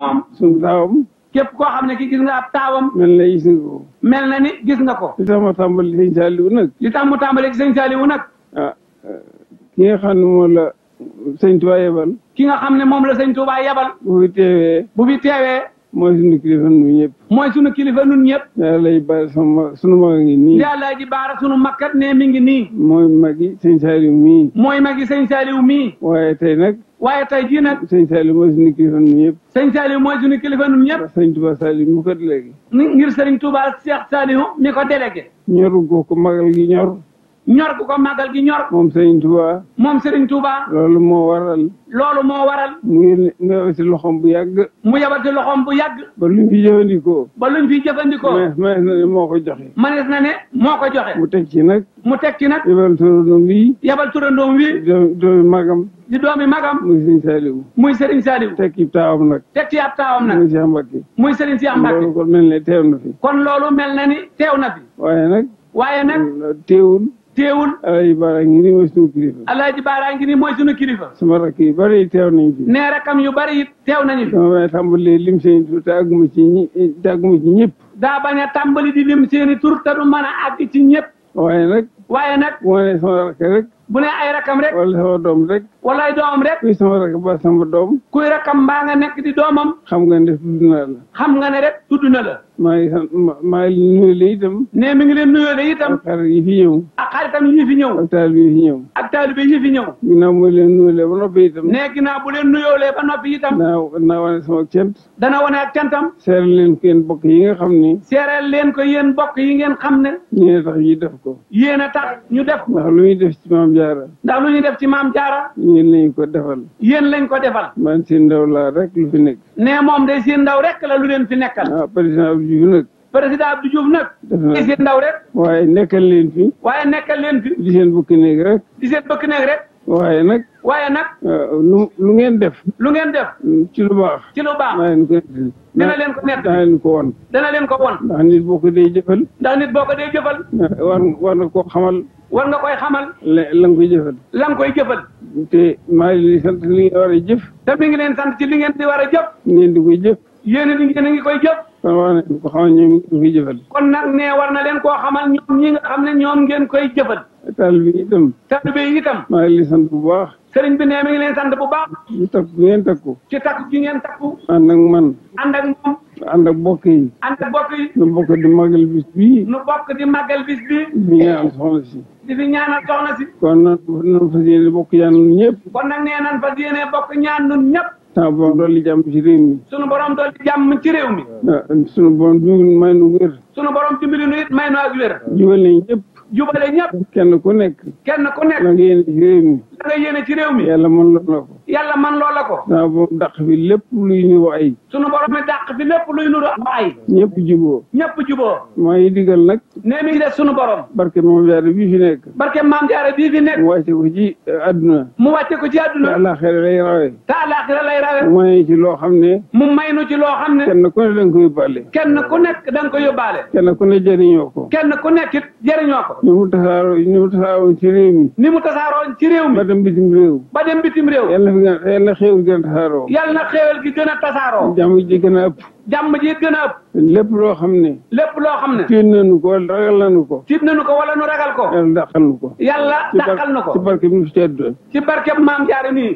moom suñu taawam képp koo xam ne ki gis nga ab taawam mel na ni gis nga ko li tax mu tàmbali sëñ Saliou nag li tax mu tàmbali sëñ Saliou nag ah, ki nga xam ne moom la sëñ Touba yebal ki nga xam ne moom la sëñ Touba yebal bu fi teewee bu fi teewee mooy sunu kilifa nun ñëpp mooy sunu kilifa nun ñëpp yàlla ji baara sunu mag a ngi nii yàlla ne mi ngi nii mooy magi sëñ Saliou mii mooy magi sëñ Saliou mii waaye tey nag waaye tey jii nag. sëñ Saliou mooy suñu kilifa ñun ñëpp. sëñ Saliou mooy suñu kilifa ñun ñëpp. sëñ Touba mu ko ngir sëñ Touba Cheikh Saliou mi ko délégué. ñorul ko ko magal gi ñor. ñor bu ko màggal gi ñor. moom Serigne Touba. moom Serigne Touba. loolu moo waral. loolu moo waral. mu yabati loxoom bu yàgg. mu yabati loxoom bu yàgg. ba luñ fi jëfandikoo. ba fi jëfandikoo. manees na ne moo ko joxe. manees na ne moo ko joxe. mu teg ci nag. mu teg ci nag. yabal turandoom wi. yabal turandoom wi. doomi magam. di doomi magam. muy Serigne Saliou. muy Serigne Saliou. teg ci taawam nag. teg ci ab taawam nag. muy Cheikh Mbacke. muy Serigne Cheikh Mbacke. loolu kon mel ne teew na fi. kon loolu mel na ni teew na fi. waaye nag. waaye nag teewul. teewul alaaji baaraa ngi nii mooy sunu kilifa alaaji baaraa ngi nii mooy sunu kilifa sama rakk yu bëri yi teew nañ fi nee rakam yu bëri teew nañu fi dama bañ a tàmbali lim tur te àgguma ci ñi te ñëpp daa bañ a tàmbali di lim seen i tur te du mën a ci ñëpp waaye nag waaye nag. mooy sama rakk rek. bu ne ay rakam rek. wala sama doom rek. wala ay doomam rek. kuy sama rakk ba sama doom. kuy rakam mbaa nga nekk di doomam. xam nga ne tudd na la. xam nga ne rek tudd na la. maa ngi sant maa ngi nuyoo la itam. nee mi ngi leen nuyoo la itam. ak xarit yi fi ñëw. ak xaritam yi fi ñëw. ak taalibe yi fi ñëw. ak taalibe yi fi ñëw. ginnaaw bu leen nuyoolee ba noppi itam. nee ginnaaw bu leen nuyoolee ba noppi itam. dana dana wane sama cant. dana wane ak cantam. seeral leen ko yéen bokk yi nga xam ne. seeral leen ko yéen bokk yi ngeen xam ne. yéen a tax ñu def ko. yéen a tax ñu def ndax lu ñuy def ci maam jaara. ndax lu ñuy def ci maam jaara. yéen lañ ko defal. yéen lañ ko defal. man seen ndaw laa rek lu fi nekk. nee moom day seen ndaw rek la lu leen fi nekkal. ah président Abdou Diouf nag. président Abdou Diouf def na ndaw rek. waaye nekkal leen fi. waaye nekkal leen fi. di seen bëkk néeg rek. di seen bëkk néeg rek. waaye nag. waaye nag. lu lu ngeen def. lu ngeen def. ci lu baax. ci lu baax naa leen ko ko nett dana leen ko won. dana leen ko won. ndax nit boo ko dee jëfal. ndax nit boo ko dee jëfal. war war koo xamal. war nga koy xamal. la la koy jëfal. la nga koy jëfal. te maa leen di sant li ngeen war a jëf. te mi ngi leen sant ci li ngeen di war a jëf. ngeen di koy jëf. yéen a ngi koy jëf. kon war na leen ko xamal ñoom na leen koo xamal ñi nga xam ne ñoom ngeen koy jëfal. taalibe yi itam. taalibe yi itam. maa ngi sant bu baax. sëriñ bi nee mi ngi leen sant bu baax. ci takku gi ngeen takku. ci takku gi ngeen takku. ànd ak man. ànd ak moom. ànd ak bokk yi. yi. nu bokk di màggal bis bii. nu bokk di màggal bis bii. di di fi ñaanal nu bokk ñaan ñun ñëpp. kon nag nee nañ fas bokk ñaan ñun ñëpp. sama ah, borom dolli jàmm ci réew mi. sunu borom dolli jàmm ci réew mi. Ah, sunu borom jubal may nu wér. sunu borom dimbali nu it may nu ak wér. jubal nañ ñëpp. jubale kenn ku nekk. kenn ku nekk. la nga yéene ci réew mi. la moon yéene ci la yàlla man loola ko. waaw boobu dàq fi lépp luy nuru ay. sunu borom mi dàq fi lépp luy nuru ay. ñëpp juboo. ñëpp juboo. mooy digal nag. nee mi ngi sunu borom. barke maam jaare bii fi nekk. barke maam jaare bii fi nekk. mu wàcce ko ci àdduna. mu wàcce ko ci àdduna. te àllaaxira lay rawee. te àllaaxira lay rawee. mu may ci loo xam ne. mu may nu ci loo xam ne. kenn ku ne da nga ko yóbbaale. kenn ku nekk da ko yóbbaale. kenn ku ne jëriñoo ko. kenn ku nekk it jëriñoo ko. ni mu tasaaroo ni mu tasaaroon ci réew mi. mu tasaaroon ci réew mi. ba dem bitim réew. ba bi gën yal na xéewal gën a tasaaroo. yal na xéewal gi gën a tasaaroo. jàmm ji gën a ëpp. jàmm ji gën a ëpp. lépp loo xam ne. lépp loo xam ne. tiit nañu ko wala ragal nañu ko. tiit nañu ko wala nu ragal ko. yàlla dàqal nu ko. yàlla dàqal nu ko. ci barke bi nu fi tedd. ci barke maam jaare nii.